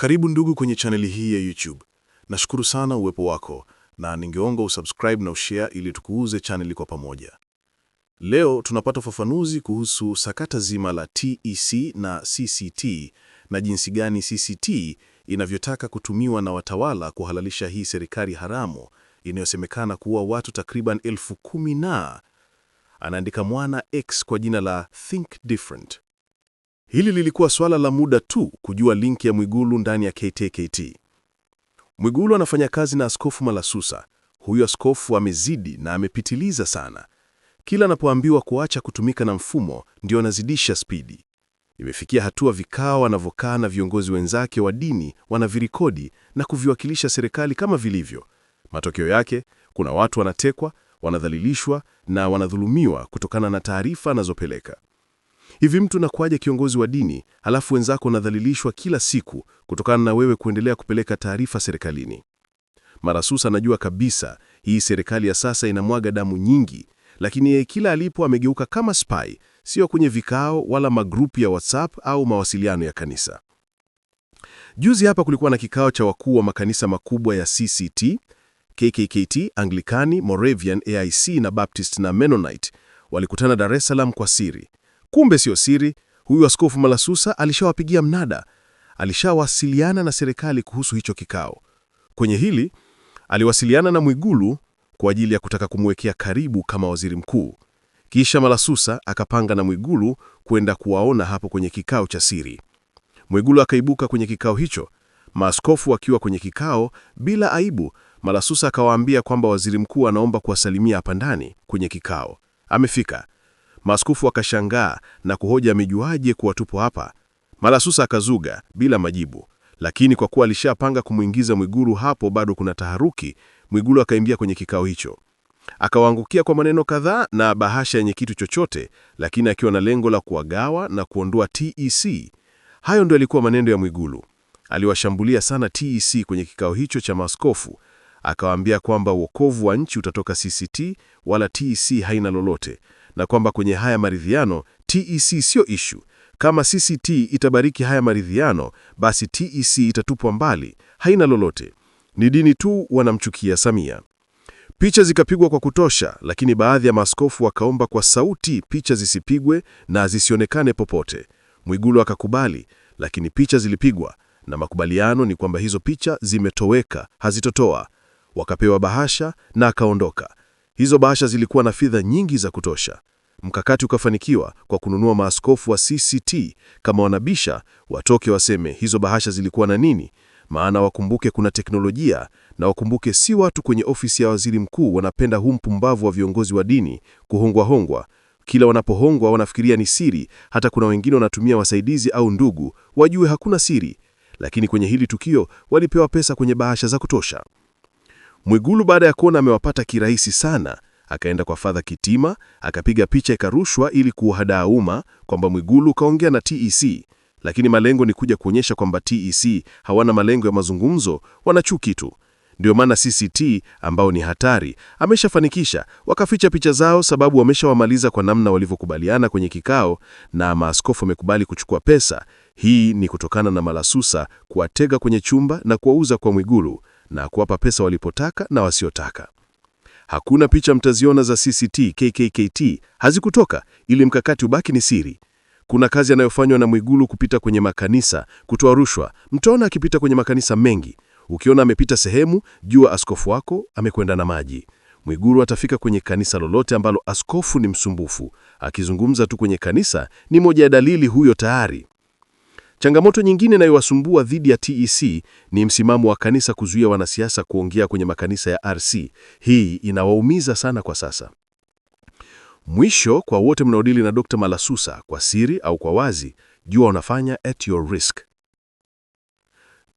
Karibu ndugu kwenye chaneli hii ya YouTube. Nashukuru sana uwepo wako na ningeonga usubscribe na ushare ili tukuuze chaneli kwa pamoja. Leo tunapata ufafanuzi kuhusu sakata zima la TEC na CCT na jinsi gani CCT inavyotaka kutumiwa na watawala kuhalalisha hii serikali haramu inayosemekana kuua watu takriban elfu kumi na anaandika mwana X kwa jina la Think Different. Hili lilikuwa swala la muda tu kujua linki ya Mwigulu ndani ya KTKT. Mwigulu anafanya kazi na Askofu Malasusa. Huyu askofu amezidi na amepitiliza sana. Kila anapoambiwa kuacha kutumika na mfumo ndio anazidisha spidi. Imefikia hatua vikao anavyokaa na viongozi wenzake wa dini wanavirikodi na kuviwakilisha serikali kama vilivyo. Matokeo yake kuna watu wanatekwa, wanadhalilishwa na wanadhulumiwa kutokana na taarifa anazopeleka. Hivi mtu nakuaje kiongozi wa dini halafu wenzako wanadhalilishwa kila siku kutokana na wewe kuendelea kupeleka taarifa serikalini? Marasusa anajua kabisa hii serikali ya sasa inamwaga damu nyingi, lakini yeye kila alipo amegeuka kama spy, sio kwenye vikao wala magrupu ya WhatsApp au mawasiliano ya kanisa. Juzi hapa kulikuwa na kikao cha wakuu wa makanisa makubwa ya CCT, KKKT, Anglikani, Moravian, AIC na Baptist na Mennonite. Walikutana Dar es Salaam kwa siri. Kumbe sio siri, huyu askofu Malasusa alishawapigia mnada, alishawasiliana na serikali kuhusu hicho kikao. Kwenye hili aliwasiliana na Mwigulu kwa ajili ya kutaka kumwekea karibu kama waziri mkuu. Kisha Malasusa akapanga na Mwigulu kwenda kuwaona hapo kwenye kikao cha siri. Mwigulu akaibuka kwenye kikao hicho, maaskofu akiwa kwenye kikao bila aibu. Malasusa akawaambia kwamba waziri mkuu anaomba kuwasalimia hapa ndani kwenye kikao. Amefika. Maaskofu wakashangaa na kuhoja amejuaje kuwa tupo hapa. Malasusa akazuga bila majibu, lakini kwa kuwa alishapanga kumwingiza Mwigulu hapo bado kuna taharuki. Mwigulu akaingia kwenye kikao hicho, akawaangukia kwa maneno kadhaa na bahasha yenye kitu chochote, lakini akiwa na lengo la kuwagawa na kuondoa TEC. Hayo ndio alikuwa maneno ya Mwigulu. Aliwashambulia sana TEC kwenye kikao hicho cha maaskofu, akawaambia kwamba uokovu wa nchi utatoka CCT wala TEC haina lolote na kwamba kwenye haya maridhiano TEC sio ishu. Kama CCT itabariki haya maridhiano, basi TEC itatupwa mbali, haina lolote. Ni dini tu wanamchukia Samia. Picha zikapigwa kwa kutosha, lakini baadhi ya maaskofu wakaomba kwa sauti picha zisipigwe na zisionekane popote. Mwigulu akakubali, lakini picha zilipigwa, na makubaliano ni kwamba hizo picha zimetoweka, hazitotoa. Wakapewa bahasha na akaondoka. Hizo bahasha zilikuwa na fedha nyingi za kutosha. Mkakati ukafanikiwa kwa kununua maaskofu wa CCT kama wanabisha watoke waseme hizo bahasha zilikuwa na nini, maana wakumbuke kuna teknolojia, na wakumbuke si watu kwenye ofisi ya waziri mkuu wanapenda huu mpumbavu wa viongozi wa dini kuhongwahongwa. Kila wanapohongwa wanafikiria ni siri, hata kuna wengine wanatumia wasaidizi au ndugu wajue hakuna siri. Lakini kwenye hili tukio walipewa pesa kwenye bahasha za kutosha. Mwigulu baada ya kuona amewapata kirahisi sana, akaenda kwa Fadha Kitima akapiga picha ikarushwa ili kuuhadaa umma kwamba Mwigulu kaongea na TEC, lakini malengo ni kuja kuonyesha kwamba TEC hawana malengo ya mazungumzo, wana chuki tu. Ndio maana CCT ambao ni hatari ameshafanikisha, wakaficha picha zao sababu wameshawamaliza kwa namna walivyokubaliana kwenye kikao, na maaskofu wamekubali kuchukua pesa. Hii ni kutokana na malasusa kuwatega kwenye chumba na kuwauza kwa Mwigulu na kuwapa pesa walipotaka na wasiotaka. Hakuna picha mtaziona za CCT, KKKT hazikutoka ili mkakati ubaki ni siri. Kuna kazi anayofanywa na Mwigulu kupita kwenye makanisa kutoa rushwa. Mtaona akipita kwenye makanisa mengi. Ukiona amepita sehemu, jua askofu wako amekwenda na maji. Mwigulu atafika kwenye kanisa lolote ambalo askofu ni msumbufu. Akizungumza tu kwenye kanisa ni moja ya dalili, huyo tayari Changamoto nyingine inayowasumbua dhidi ya TEC ni msimamo wa kanisa kuzuia wanasiasa kuongea kwenye makanisa ya RC. Hii inawaumiza sana kwa sasa. Mwisho, kwa wote mnaodili na Dr. Malasusa kwa siri au kwa wazi, jua unafanya at your risk.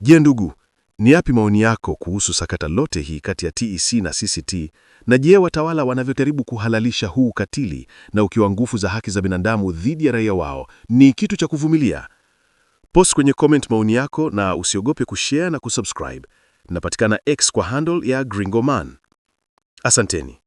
Je, ndugu, ni yapi maoni yako kuhusu sakata lote hii kati ya TEC na CCT? Na je, watawala wanavyojaribu kuhalalisha huu ukatili na ukiwa nguvu za haki za binadamu dhidi ya raia wao ni kitu cha kuvumilia? Post kwenye comment maoni yako na usiogope kushare na kusubscribe. Napatikana X kwa handle ya Gringoman. Asanteni.